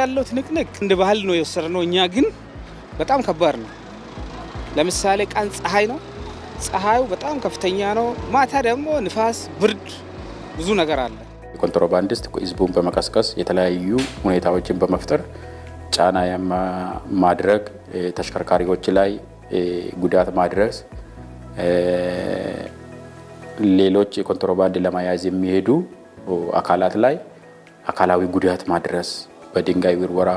ያለው ትንቅንቅ እንደ ባህል ነው የወሰድነው። እኛ ግን በጣም ከባድ ነው። ለምሳሌ ቀን ፀሐይ ነው፣ ፀሐዩ በጣም ከፍተኛ ነው። ማታ ደግሞ ንፋስ፣ ብርድ፣ ብዙ ነገር አለ። የኮንትሮባንዲስት ህዝቡን በመቀስቀስ የተለያዩ ሁኔታዎችን በመፍጠር ጫና ማድረግ፣ ተሽከርካሪዎች ላይ ጉዳት ማድረስ፣ ሌሎች የኮንትሮባንድ ለመያዝ የሚሄዱ አካላት ላይ አካላዊ ጉዳት ማድረስ በድንጋይ ውርወራ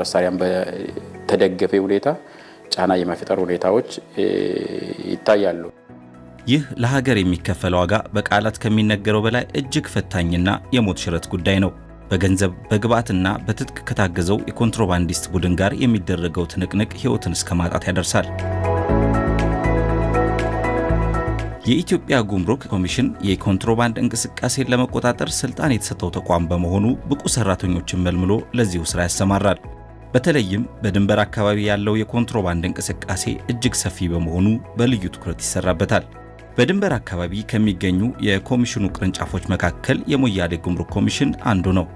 መሳሪያም በተደገፈ ሁኔታ ጫና የመፍጠር ሁኔታዎች ይታያሉ። ይህ ለሀገር የሚከፈል ዋጋ በቃላት ከሚነገረው በላይ እጅግ ፈታኝና የሞት ሽረት ጉዳይ ነው። በገንዘብ በግብዓትና በትጥቅ ከታገዘው የኮንትሮባንዲስት ቡድን ጋር የሚደረገው ትንቅንቅ ሕይወትን እስከ ማጣት ያደርሳል። የኢትዮጵያ ጉምሩክ ኮሚሽን የኮንትሮባንድ እንቅስቃሴን ለመቆጣጠር ስልጣን የተሰጠው ተቋም በመሆኑ ብቁ ሰራተኞችን መልምሎ ለዚሁ ስራ ያሰማራል። በተለይም በድንበር አካባቢ ያለው የኮንትሮባንድ እንቅስቃሴ እጅግ ሰፊ በመሆኑ በልዩ ትኩረት ይሰራበታል። በድንበር አካባቢ ከሚገኙ የኮሚሽኑ ቅርንጫፎች መካከል የሞያሌ ጉምሩክ ኮሚሽን አንዱ ነው።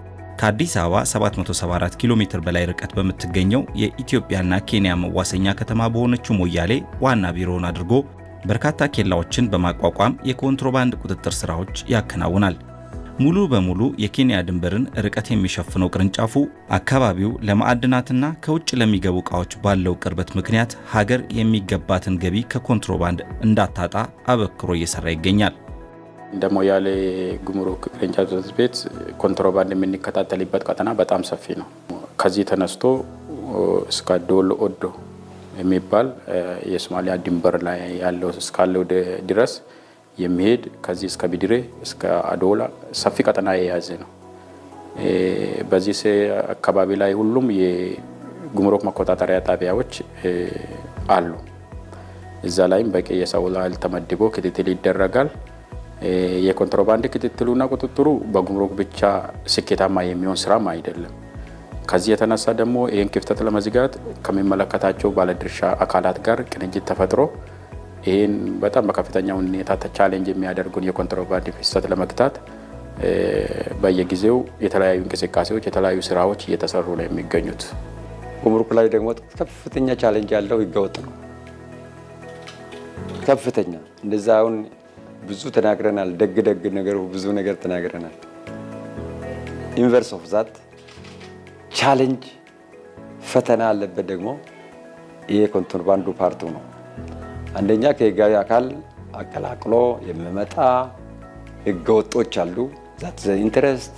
ከአዲስ አበባ 774 ኪሎ ሜትር በላይ ርቀት በምትገኘው የኢትዮጵያና ኬንያ መዋሰኛ ከተማ በሆነችው ሞያሌ ዋና ቢሮውን አድርጎ በርካታ ኬላዎችን በማቋቋም የኮንትሮባንድ ቁጥጥር ስራዎች ያከናውናል። ሙሉ በሙሉ የኬንያ ድንበርን ርቀት የሚሸፍነው ቅርንጫፉ አካባቢው ለማዕድናትና ከውጭ ለሚገቡ ዕቃዎች ባለው ቅርበት ምክንያት ሀገር የሚገባትን ገቢ ከኮንትሮባንድ እንዳታጣ አበክሮ እየሰራ ይገኛል። እንደ ሞያሌ ጉምሩክ ቅርንጫፍ ጽሕፈት ቤት ኮንትሮባንድ የምንከታተልበት ቀጠና በጣም ሰፊ ነው። ከዚህ ተነስቶ እስከ ዶሎ ኦዶ የሚባል የሶማሊያ ድንበር ላይ ያለው እስካለው ድረስ የሚሄድ ከዚህ እስከ ቢድሬ እስከ አዶላ ሰፊ ቀጠና የያዘ ነው። በዚህ አካባቢ ላይ ሁሉም የጉምሩክ መቆጣጠሪያ ጣቢያዎች አሉ። እዛ ላይም በቂ የሰው ኃይል ተመድቦ ክትትል ይደረጋል። የኮንትሮባንድ ክትትሉና ቁጥጥሩ በጉምሩክ ብቻ ስኬታማ የሚሆን ስራም አይደለም። ከዚህ የተነሳ ደግሞ ይህን ክፍተት ለመዝጋት ከሚመለከታቸው ባለድርሻ አካላት ጋር ቅንጅት ተፈጥሮ ይህን በጣም በከፍተኛ ሁኔታ ተቻሌንጅ የሚያደርጉን የኮንትሮባንድ ፍሰት ለመግታት በየጊዜው የተለያዩ እንቅስቃሴዎች፣ የተለያዩ ስራዎች እየተሰሩ ነው የሚገኙት። ጉምሩክ ላይ ደግሞ ከፍተኛ ቻሌንጅ ያለው ህገወጥ ነው። ከፍተኛ እንደዛ አሁን ብዙ ተናግረናል። ደግ ደግ ነገር ብዙ ነገር ተናግረናል። ኢንቨርስ ኦፍ ዛት ቻሌንጅ ፈተና ያለበት ደግሞ ይሄ ኮንትሮባንዱ ፓርቱ ነው። አንደኛ ከህጋዊ አካል አቀላቅሎ የሚመጣ ህገወጦች አሉ። ዛት ኢንትረስት።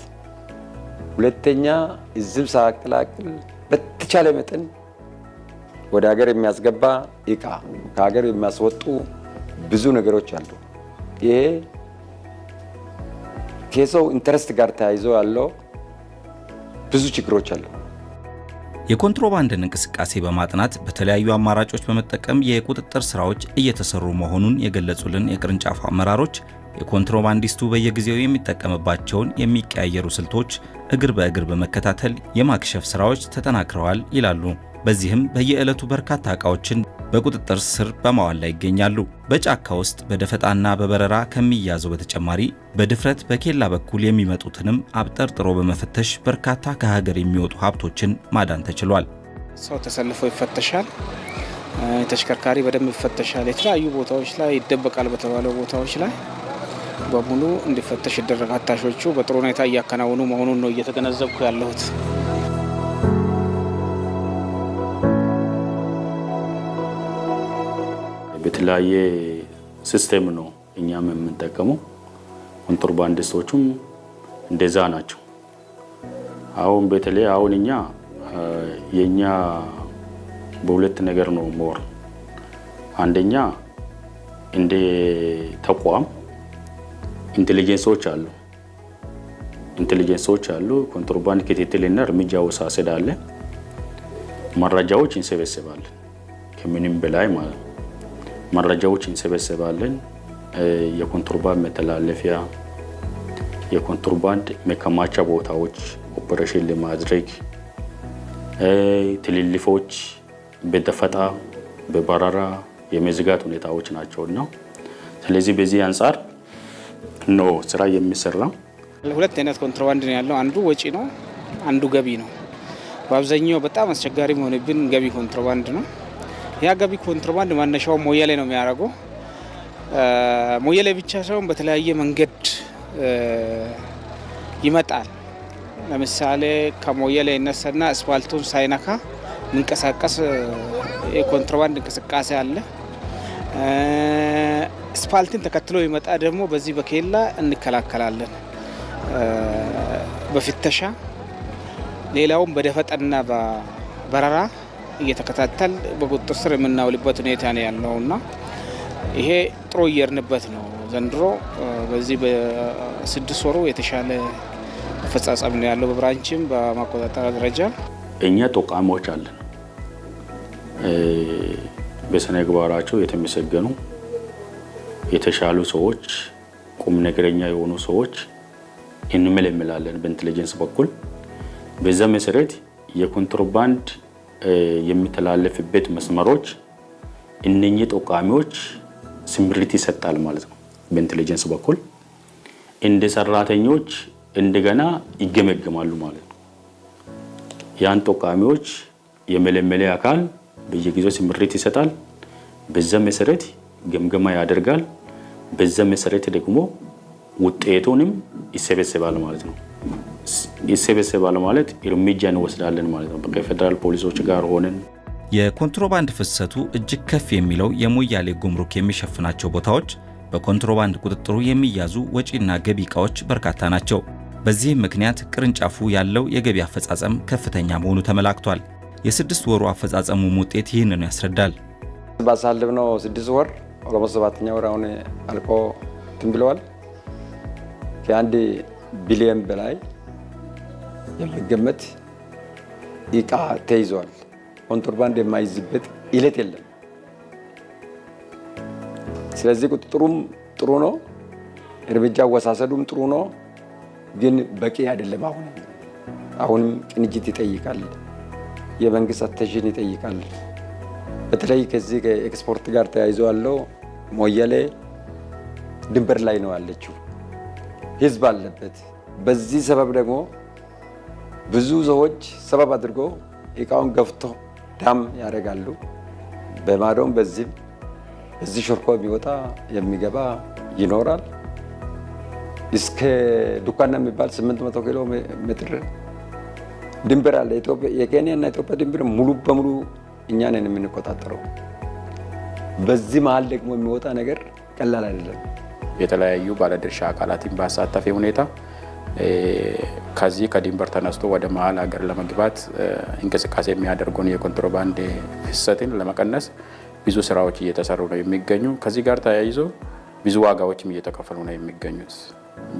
ሁለተኛ እዝም ሳያቀላቅል በተቻለ መጠን ወደ ሀገር የሚያስገባ እቃ ከሀገር የሚያስወጡ ብዙ ነገሮች አሉ። ይሄ ከሰው ኢንትረስት ጋር ተያይዞ ያለው ብዙ ችግሮች አሉ። የኮንትሮባንድን እንቅስቃሴ በማጥናት በተለያዩ አማራጮች በመጠቀም የቁጥጥር ስራዎች እየተሰሩ መሆኑን የገለጹልን የቅርንጫፉ አመራሮች የኮንትሮባንዲስቱ በየጊዜው የሚጠቀምባቸውን የሚቀያየሩ ስልቶች እግር በእግር በመከታተል የማክሸፍ ስራዎች ተጠናክረዋል ይላሉ። በዚህም በየዕለቱ በርካታ ዕቃዎችን በቁጥጥር ስር በማዋል ላይ ይገኛሉ። በጫካ ውስጥ በደፈጣና በበረራ ከሚያዙ በተጨማሪ በድፍረት በኬላ በኩል የሚመጡትንም አብጠርጥሮ በመፈተሽ በርካታ ከሀገር የሚወጡ ሀብቶችን ማዳን ተችሏል። ሰው ተሰልፎ ይፈተሻል። ተሽከርካሪ በደንብ ይፈተሻል። የተለያዩ ቦታዎች ላይ ይደበቃል በተባለው ቦታዎች ላይ በሙሉ እንዲፈተሽ ይደረጋል። ታሾቹ በጥሩ ሁኔታ እያከናወኑ መሆኑን ነው እየተገነዘብኩ ያለሁት። የተለያየ ሲስቴም ነው እኛም የምንጠቀመው። ኮንትሮባንዲስቶቹም እንደዛ ናቸው። አሁን በተለይ አሁን እኛ የእኛ በሁለት ነገር ነው ሞር አንደኛ እንደ ተቋም ኢንቴሊጀንሶች አሉ ኢንቴሊጀንሶች አሉ። ኮንትሮባንድ ክትትልና እርምጃ ወሳሰድ አለ። መረጃዎች እንሰበስባለን ከምንም በላይ ማለት ነው። መረጃዎች እንሰበሰባለን። የኮንትሮባንድ መተላለፊያ፣ የኮንትሮባንድ መከማቻ ቦታዎች ኦፕሬሽን ለማድረግ ትልልፎች በደፈጣ በበረራ የመዝጋት ሁኔታዎች ናቸውና ስለዚህ በዚህ አንጻር ኖ ስራ የሚሰራ ሁለት አይነት ኮንትሮባንድ ነው ያለው። አንዱ ወጪ ነው፣ አንዱ ገቢ ነው። በአብዛኛው በጣም አስቸጋሪ መሆንብን ገቢ ኮንትሮባንድ ነው። የአጋቢ ኮንትሮባንድ መነሻው ሞያሌ ነው የሚያደርገው። ሞያሌ ብቻ ሳይሆን በተለያየ መንገድ ይመጣል። ለምሳሌ ከሞያሌ ይነሳና አስፋልቱን ሳይነካ ምንቀሳቀስ የኮንትሮባንድ እንቅስቃሴ አለ። አስፋልትን ተከትሎ ይመጣ ደግሞ በዚህ በኬላ እንከላከላለን በፍተሻ ሌላውም በደፈጠና በበረራ እየተከታተል በቁጥጥር ስር የምናውልበት ሁኔታ ነው ያለው እና ይሄ ጥሩ እየርንበት ነው። ዘንድሮ በዚህ በስድስት ወሩ የተሻለ አፈጻጸም ነው ያለው በብራንችም በማቆጣጠሪያ ደረጃ እኛ ጠቋሚዎች አለን። በስነ ግባራቸው የተመሰገኑ የተሻሉ ሰዎች፣ ቁም ነገረኛ የሆኑ ሰዎች እንመለምላለን በኢንቴሊጀንስ በኩል በዛ መሰረት የኮንትሮባንድ የሚተላለፍበት መስመሮች እነኚህ ጠቋሚዎች ስምሪት ይሰጣል ማለት ነው። በኢንቴሊጀንስ በኩል እንደ ሰራተኞች እንደገና ይገመገማሉ ማለት ነው። ያን ጠቋሚዎች የመለመለያ አካል በየጊዜው ስምሪት ይሰጣል። በዛ መሰረት ገምገማ ያደርጋል። በዛ መሰረት ደግሞ ውጤቱንም ይሰበስባል ማለት ነው። ይሰበሰባል ማለት እርምጃ እንወስዳለን ማለት ነው። ከፌዴራል ፖሊሶች ጋር ሆነን የኮንትሮባንድ ፍሰቱ እጅግ ከፍ የሚለው የሞያሌ ጉምሩክ የሚሸፍናቸው ቦታዎች በኮንትሮባንድ ቁጥጥሩ የሚያዙ ወጪና ገቢ እቃዎች በርካታ ናቸው። በዚህም ምክንያት ቅርንጫፉ ያለው የገቢ አፈጻጸም ከፍተኛ መሆኑ ተመላክቷል። የስድስት ወሩ አፈጻጸሙም ውጤት ይህንኑ ያስረዳል። ባሳለፍነው ስድስት ወር ኦሮሞ ሰባተኛ ወር አሁን አልቆ ትን ብለዋል ከአንድ ቢሊየን በላይ የማይገመት እቃ ተይዟል። ኮንትሮባንድ የማይዝበት ዕለት የለም። ስለዚህ ቁጥጥሩም ጥሩ ነው፣ እርምጃ አወሳሰዱም ጥሩ ነው፣ ግን በቂ አይደለም። አሁንም አሁንም ቅንጅት ይጠይቃል፣ የመንግስት አተሽን ይጠይቃል። በተለይ ከዚህ ከኤክስፖርት ጋር ተያይዞ ያለው ሞያሌ ድንበር ላይ ነው ያለችው፣ ህዝብ አለበት። በዚህ ሰበብ ደግሞ ብዙ ሰዎች ሰበብ አድርጎ እቃውን ገፍቶ ዳም ያደርጋሉ። በማዶም በዚህም በዚህ ሾርኮ የሚወጣ የሚገባ ይኖራል። እስከ ዱካና የሚባል 800 ኪሎ ሜትር ድንበር አለ። የኬንያ እና ኢትዮጵያ ድንበር ሙሉ በሙሉ እኛ ነን የምንቆጣጠረው። በዚህ መሀል ደግሞ የሚወጣ ነገር ቀላል አይደለም። የተለያዩ ባለድርሻ አካላትን ባሳተፈ ሁኔታ ከዚህ ከድንበር ተነስቶ ወደ መሀል ሀገር ለመግባት እንቅስቃሴ የሚያደርጉን የኮንትሮባንድ ፍሰትን ለመቀነስ ብዙ ስራዎች እየተሰሩ ነው የሚገኙ። ከዚህ ጋር ተያይዞ ብዙ ዋጋዎችም እየተከፈሉ ነው የሚገኙት።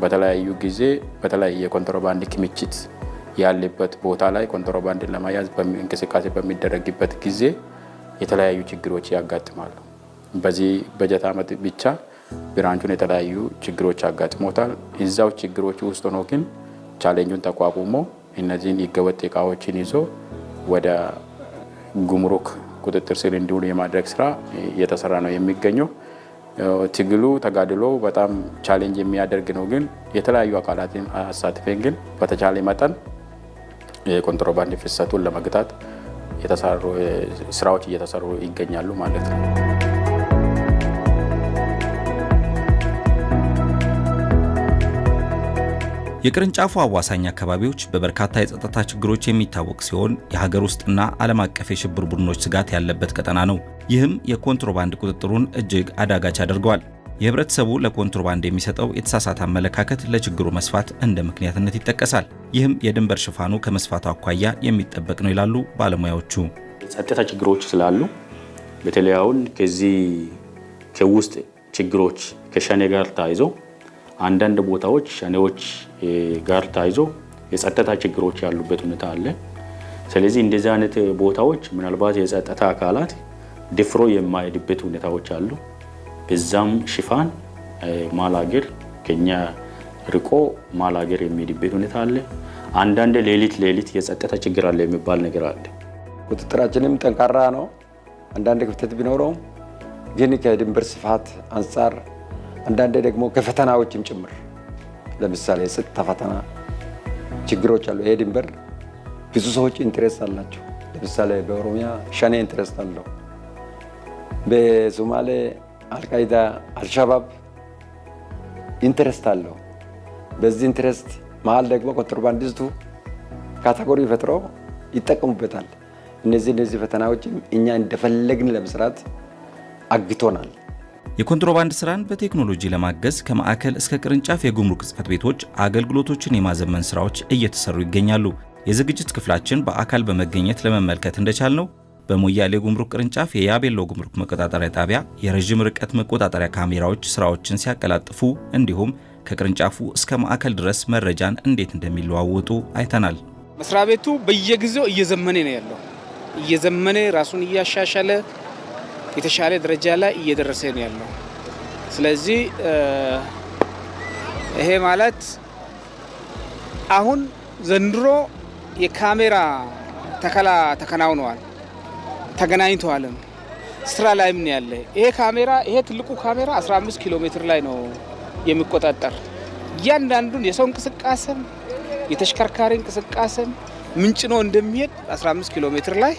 በተለያዩ ጊዜ በተለያየ የኮንትሮባንድ ክምችት ያለበት ቦታ ላይ ኮንትሮባንድን ለመያዝ እንቅስቃሴ በሚደረግበት ጊዜ የተለያዩ ችግሮች ያጋጥማሉ። በዚህ በጀት ዓመት ብቻ ብራንቹን የተለያዩ ችግሮች አጋጥሞታል። እዛው ችግሮች ውስጥ ሆኖ ግን ቻሌንጁን ተቋቁሞ እነዚህን ህገወጥ እቃዎችን ይዞ ወደ ጉምሩክ ቁጥጥር ስር እንዲውሉ የማድረግ ስራ እየተሰራ ነው የሚገኘው። ትግሉ ተጋድሎ በጣም ቻሌንጅ የሚያደርግ ነው፣ ግን የተለያዩ አካላትን አሳትፌን ግን በተቻለ መጠን የኮንትሮባንድ ፍሰቱን ለመግታት ስራዎች እየተሰሩ ይገኛሉ ማለት ነው። የቅርንጫፉ አዋሳኝ አካባቢዎች በበርካታ የጸጥታ ችግሮች የሚታወቅ ሲሆን የሀገር ውስጥና ዓለም አቀፍ የሽብር ቡድኖች ስጋት ያለበት ቀጠና ነው። ይህም የኮንትሮባንድ ቁጥጥሩን እጅግ አዳጋች አድርገዋል። የህብረተሰቡ ለኮንትሮባንድ የሚሰጠው የተሳሳተ አመለካከት ለችግሩ መስፋት እንደ ምክንያትነት ይጠቀሳል። ይህም የድንበር ሽፋኑ ከመስፋቱ አኳያ የሚጠበቅ ነው ይላሉ ባለሙያዎቹ። ጸጥታ ችግሮች ስላሉ በተለይ አሁን ከዚህ ከውስጥ ችግሮች ከሸኔ ጋር ተያይዘው አንዳንድ ቦታዎች ሸኔዎች ጋር ታይዞ የጸጥታ ችግሮች ያሉበት ሁኔታ አለ። ስለዚህ እንደዚህ አይነት ቦታዎች ምናልባት የጸጥታ አካላት ድፍሮ የማይሄድበት ሁኔታዎች አሉ። በዛም ሽፋን ማላገር ከኛ ርቆ ማላገር የሚሄድበት ሁኔታ አለ። አንዳንድ ሌሊት ሌሊት የጸጥታ ችግር አለ የሚባል ነገር አለ። ቁጥጥራችንም ጠንካራ ነው። አንዳንድ ክፍተት ቢኖረውም ግን ከድንበር ስፋት አንጻር አንዳንዴ ደግሞ ከፈተናዎችም ጭምር ለምሳሌ የጸጥታ ፈተና ችግሮች አሉ። ይሄ ድንበር ብዙ ሰዎች ኢንትረስት አላቸው። ለምሳሌ በኦሮሚያ ሸኔ ኢንትረስት አለው፣ በሶማሌ አልቃይዳ አልሻባብ ኢንትረስት አለው። በዚህ ኢንትረስት መሀል ደግሞ ኮንትሮባንዲስቱ ካታጎሪ ፈጥሮ ይጠቀሙበታል። እነዚህ እነዚህ ፈተናዎችም እኛ እንደፈለግን ለመስራት አግቶናል። የኮንትሮባንድ ስራን በቴክኖሎጂ ለማገዝ ከማዕከል እስከ ቅርንጫፍ የጉምሩክ ጽፈት ቤቶች አገልግሎቶችን የማዘመን ስራዎች እየተሰሩ ይገኛሉ። የዝግጅት ክፍላችን በአካል በመገኘት ለመመልከት እንደቻልነው በሞያሌ ጉምሩክ ቅርንጫፍ የያቤሎ ጉምሩክ መቆጣጠሪያ ጣቢያ የረዥም ርቀት መቆጣጠሪያ ካሜራዎች ስራዎችን ሲያቀላጥፉ፣ እንዲሁም ከቅርንጫፉ እስከ ማዕከል ድረስ መረጃን እንዴት እንደሚለዋወጡ አይተናል። መስሪያ ቤቱ በየጊዜው እየዘመነ ነው ያለው እየዘመነ ራሱን እያሻሻለ የተሻለ ደረጃ ላይ እየደረሰ ነው ያለው። ስለዚህ ይሄ ማለት አሁን ዘንድሮ የካሜራ ተከላ ተከናውነዋል፣ ተገናኝተዋልም ስራ ላይም ነው ያለ። ይሄ ካሜራ ይሄ ትልቁ ካሜራ 15 ኪሎ ሜትር ላይ ነው የሚቆጣጠር እያንዳንዱን የሰው እንቅስቃሴም የተሽከርካሪ እንቅስቃሴም ምንጭ ነው እንደሚሄድ 15 ኪሎ ሜትር ላይ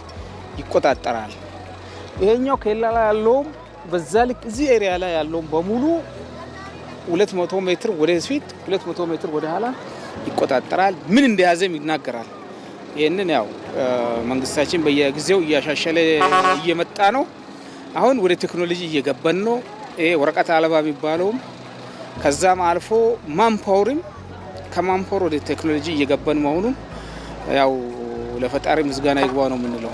ይቆጣጠራል። ይሄኛው ኬላ ላይ ያለውም በዛ ልክ እዚህ ኤሪያ ላይ ያለውም በሙሉ 200 ሜትር ወደ ፊት 200 ሜትር ወደ ኋላ ይቆጣጠራል። ምን እንደያዘም ይናገራል። ይህንን ያው መንግስታችን በየጊዜው እያሻሸለ እየመጣ ነው። አሁን ወደ ቴክኖሎጂ እየገባን ነው። ይሄ ወረቀት አልባ የሚባለውም ከዛም አልፎ ማምፓወርም ከማምፓወር ወደ ቴክኖሎጂ እየገባን መሆኑን ያው ለፈጣሪ ምስጋና ይግባ ነው የምንለው።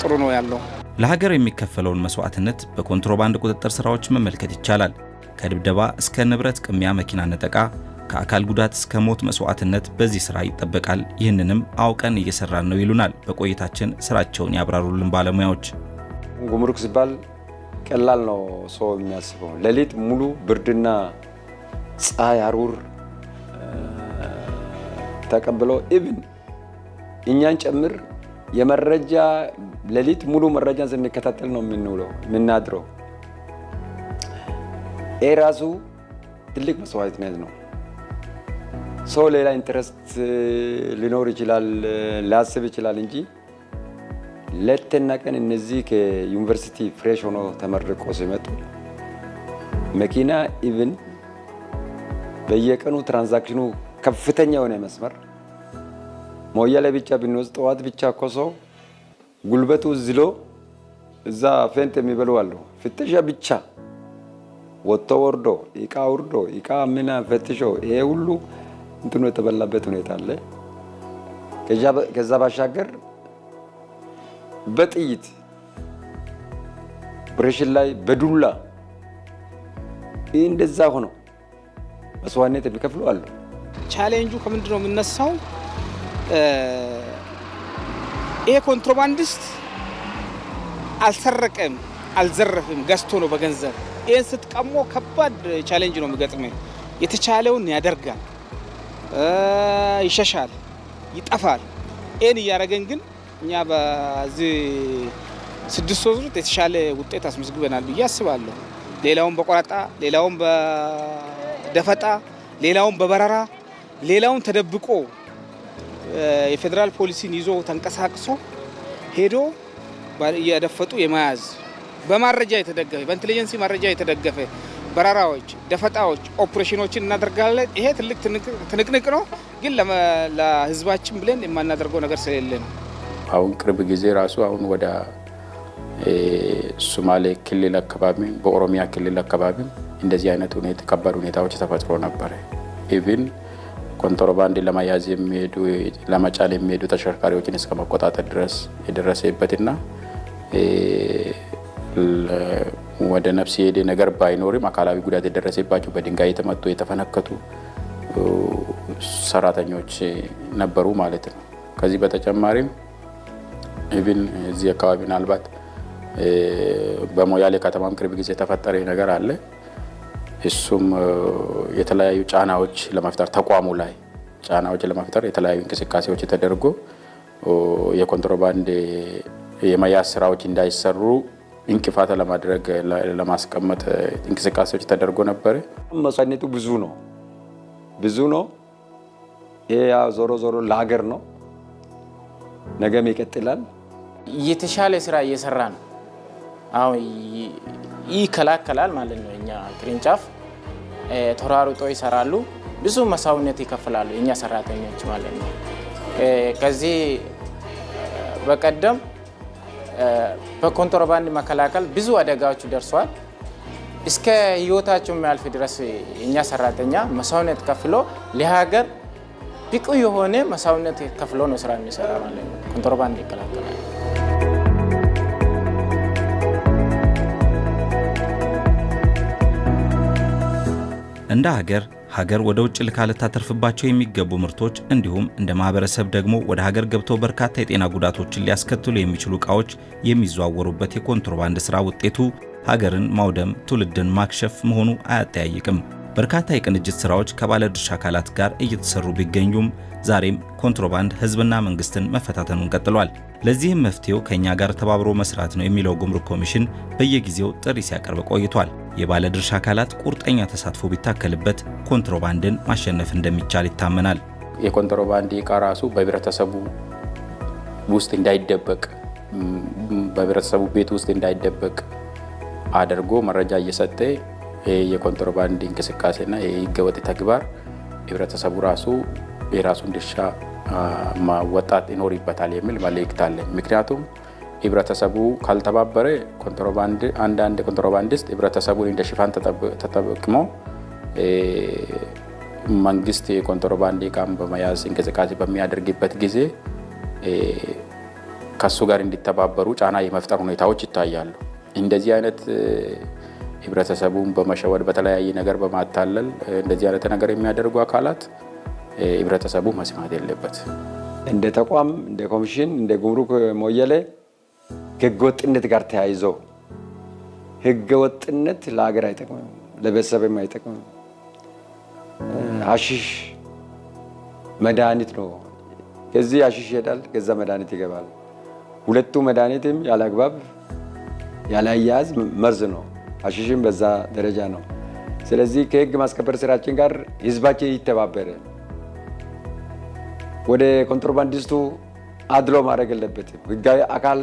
ጥሩ ነው ያለው ለሀገር የሚከፈለውን መስዋዕትነት በኮንትሮባንድ ቁጥጥር ስራዎች መመልከት ይቻላል። ከድብደባ እስከ ንብረት ቅሚያ፣ መኪና ነጠቃ፣ ከአካል ጉዳት እስከ ሞት መስዋዕትነት በዚህ ስራ ይጠበቃል። ይህንንም አውቀን እየሰራን ነው ይሉናል በቆይታችን ስራቸውን ያብራሩልን ባለሙያዎች። ጉምሩክ ሲባል ቀላል ነው ሰው የሚያስበው። ሌሊት ሙሉ ብርድና ፀሐይ አሩር ተቀብለው ኢቭን እኛን ጨምር የመረጃ ሌሊት ሙሉ መረጃን ስንከታተል ነው የምንውለው የምናድረው። ይህ ራሱ ትልቅ መስዋዕትነት ነው። ሰው ሌላ ኢንትረስት ሊኖር ይችላል፣ ሊያስብ ይችላል እንጂ ሌትና ቀን እነዚህ ከዩኒቨርሲቲ ፍሬሽ ሆኖ ተመርቆ ሲመጡ መኪና ኢቭን በየቀኑ ትራንዛክሽኑ ከፍተኛ የሆነ መስመር ሞያ ላይ ብቻ ብንወስድ ጠዋት ብቻ ኮሶ ጉልበቱ ዝሎ እዛ ፌንት የሚበሉ አሉ። ፍተሻ ብቻ ወጥቶ ወርዶ እቃ ወርዶ እቃ ምና ፈትሾ ይሄ ሁሉ እንትኑ የተበላበት ሁኔታ አለ። ከዛ ባሻገር በጥይት ኦፕሬሽን ላይ በዱላ ይህ እንደዛ ሆኖ መስዋዕትነት የሚከፍሉ አሉ። ቻሌንጁ ከምንድን የምነሳው? ይሄ ኮንትሮባንዲስት አልሰረቀም፣ አልዘረፍም፣ ገዝቶ ነው በገንዘብ። ይህን ስትቀሞ ከባድ ቻሌንጅ ነው የሚገጥመ። የተቻለውን ያደርጋል፣ ይሸሻል፣ ይጠፋል። ይህን እያደረገን ግን እኛ በዚህ ስድስት ሶስት ውስጥ የተሻለ ውጤት አስመዝግበናል ብዬ አስባለሁ። ሌላውን በቆራጣ ሌላውን በደፈጣ ሌላውን በበረራ ሌላውን ተደብቆ የፌዴራል ፖሊሲን ይዞ ተንቀሳቅሶ ሄዶ እያደፈጡ የመያዝ በማረጃ የተደገፈ በኢንቴሊጀንሲ ማረጃ የተደገፈ በረራዎች፣ ደፈጣዎች፣ ኦፕሬሽኖችን እናደርጋለን። ይሄ ትልቅ ትንቅንቅ ነው፣ ግን ለህዝባችን ብለን የማናደርገው ነገር ስለሌለ ነው። አሁን ቅርብ ጊዜ ራሱ አሁን ወደ ሶማሌ ክልል አካባቢ፣ በኦሮሚያ ክልል አካባቢ እንደዚህ አይነት ከባድ ሁኔታዎች ተፈጥሮ ነበረ ኢቭን ኮንትሮባንድን ለመያዝ የሚሄዱ ለመጫን የሚሄዱ ተሽከርካሪዎችን እስከ መቆጣጠር ድረስ የደረሰበትና ወደ ነፍስ የሄደ ነገር ባይኖርም አካላዊ ጉዳት የደረሰባቸው በድንጋይ የተመቱ የተፈነከቱ ሰራተኞች ነበሩ ማለት ነው። ከዚህ በተጨማሪም ኢቪን እዚህ አካባቢ ምናልባት በሞያሌ ከተማም ቅርብ ጊዜ የተፈጠረ ነገር አለ። እሱም የተለያዩ ጫናዎች ለመፍጠር ተቋሙ ላይ ጫናዎች ለመፍጠር የተለያዩ እንቅስቃሴዎች ተደርጎ የኮንትሮባንድ የመያዝ ስራዎች እንዳይሰሩ እንቅፋት ለማድረግ ለማስቀመጥ እንቅስቃሴዎች ተደርጎ ነበር። መሰነቱ ብዙ ነው ብዙ ነው። ይህ ዞሮ ዞሮ ለሀገር ነው፣ ነገም ይቀጥላል። የተሻለ ስራ እየሰራ ነው። አሁን ይከላከላል ማለት ነው። እኛ ቅርንጫፍ ተሯሩጦ ይሰራሉ። ብዙ መሳውነት ይከፍላሉ እኛ ሰራተኞች ማለት ነው። ከዚህ በቀደም በኮንትሮባንድ መከላከል ብዙ አደጋዎች ደርሰዋል። እስከ ህይወታቸው የሚያልፍ ድረስ እኛ ሰራተኛ መሳውነት ከፍሎ ለሀገር ብቁ የሆነ መሳውነት ከፍሎ ነው ስራ የሚሰራ ማለት ነው። ኮንትሮባንድ ይከላከላል። እንደ ሀገር ሀገር ወደ ውጭ ልካ ልታተርፍባቸው የሚገቡ ምርቶች እንዲሁም እንደ ማህበረሰብ ደግሞ ወደ ሀገር ገብተው በርካታ የጤና ጉዳቶችን ሊያስከትሉ የሚችሉ ዕቃዎች የሚዘዋወሩበት የኮንትሮባንድ ሥራ ውጤቱ ሀገርን ማውደም፣ ትውልድን ማክሸፍ መሆኑ አያጠያይቅም። በርካታ የቅንጅት ሥራዎች ከባለድርሻ አካላት ጋር እየተሰሩ ቢገኙም ዛሬም ኮንትሮባንድ ሕዝብና መንግስትን መፈታተኑን ቀጥሏል። ለዚህም መፍትሄው ከእኛ ጋር ተባብሮ መስራት ነው የሚለው ጉምሩክ ኮሚሽን በየጊዜው ጥሪ ሲያቀርብ ቆይቷል። የባለድርሻ አካላት ቁርጠኛ ተሳትፎ ቢታከልበት ኮንትሮባንድን ማሸነፍ እንደሚቻል ይታመናል። የኮንትሮባንድ እቃ ራሱ በህብረተሰቡ ውስጥ እንዳይደበቅ በህብረተሰቡ ቤት ውስጥ እንዳይደበቅ አድርጎ መረጃ እየሰጠ የኮንትሮባንድ እንቅስቃሴና የህገወጥ ተግባር ህብረተሰቡ ራሱ የራሱን ድርሻ ወጣት ይኖርበታል የሚል መልእክት አለ። ምክንያቱም ህብረተሰቡ ካልተባበረ ኮንትሮባንድ አንዳንድ ኮንትሮባንዲስት ህብረተሰቡን እንደ ሽፋን ተጠቅሞ መንግስት የኮንትሮባንድ ቃም በመያዝ እንቅስቃሴ በሚያደርግበት ጊዜ ከሱ ጋር እንዲተባበሩ ጫና የመፍጠር ሁኔታዎች ይታያሉ። እንደዚህ አይነት ህብረተሰቡን በመሸወድ በተለያየ ነገር በማታለል እንደዚህ አይነት ነገር የሚያደርጉ አካላት ህብረተሰቡ መስማት የለበት። እንደ ተቋም እንደ ኮሚሽን እንደ ጉምሩክ ሞየሌ ከህገወጥነት ጋር ተያይዞ ህገወጥነት ለሀገር አይጠቅምም፣ ለቤተሰብም አይጠቅምም። አሽሽ መድኃኒት ነው። ከዚህ አሽሽ ይሄዳል፣ ከዛ መድኃኒት ይገባል። ሁለቱ መድኃኒትም ያለ አግባብ ያለ አያያዝ መርዝ ነው። አሽሽም በዛ ደረጃ ነው። ስለዚህ ከህግ ማስከበር ስራችን ጋር ህዝባችን ይተባበረ። ወደ ኮንትሮባንዲስቱ አድሎ ማድረግ የለበትም። ህጋዊ አካል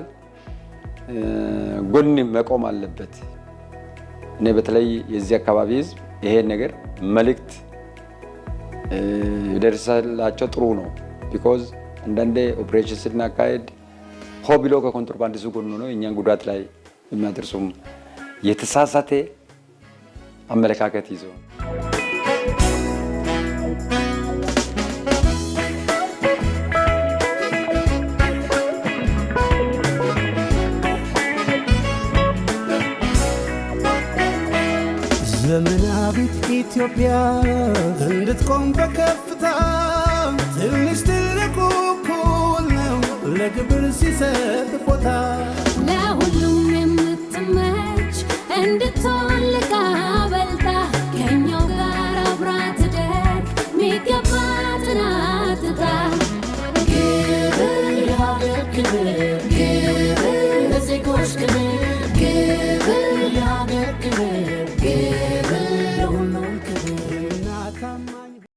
ጎን መቆም አለበት። እኔ በተለይ የዚህ አካባቢ ህዝብ ይሄ ነገር መልእክት ደርሰላቸው ጥሩ ነው። ቢኮዝ አንዳንዴ ኦፕሬሽን ስናካሄድ ሆ ብሎ ከኮንትሮባንዲሱ ጎኑ ነው እኛን ጉዳት ላይ የሚያደርሱም የተሳሳተ አመለካከት ይዘው ዘመናዊት ኢትዮጵያ እንድትቆም በከፍታ ትንሽ ትልቁ እኩል ነው ለግብር ሲሰጥ ቦታ ለሁሉም የምትመች እንድትሆን